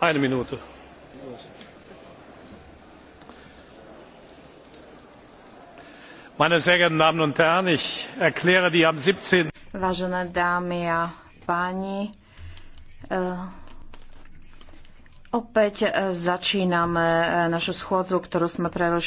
meine sehr geehrten damen und herren! ich erkläre die am. siebzehn vážené dámy a páni eh, opäť eh, začíname eh, našu schôdzu ktorú sme prerušili.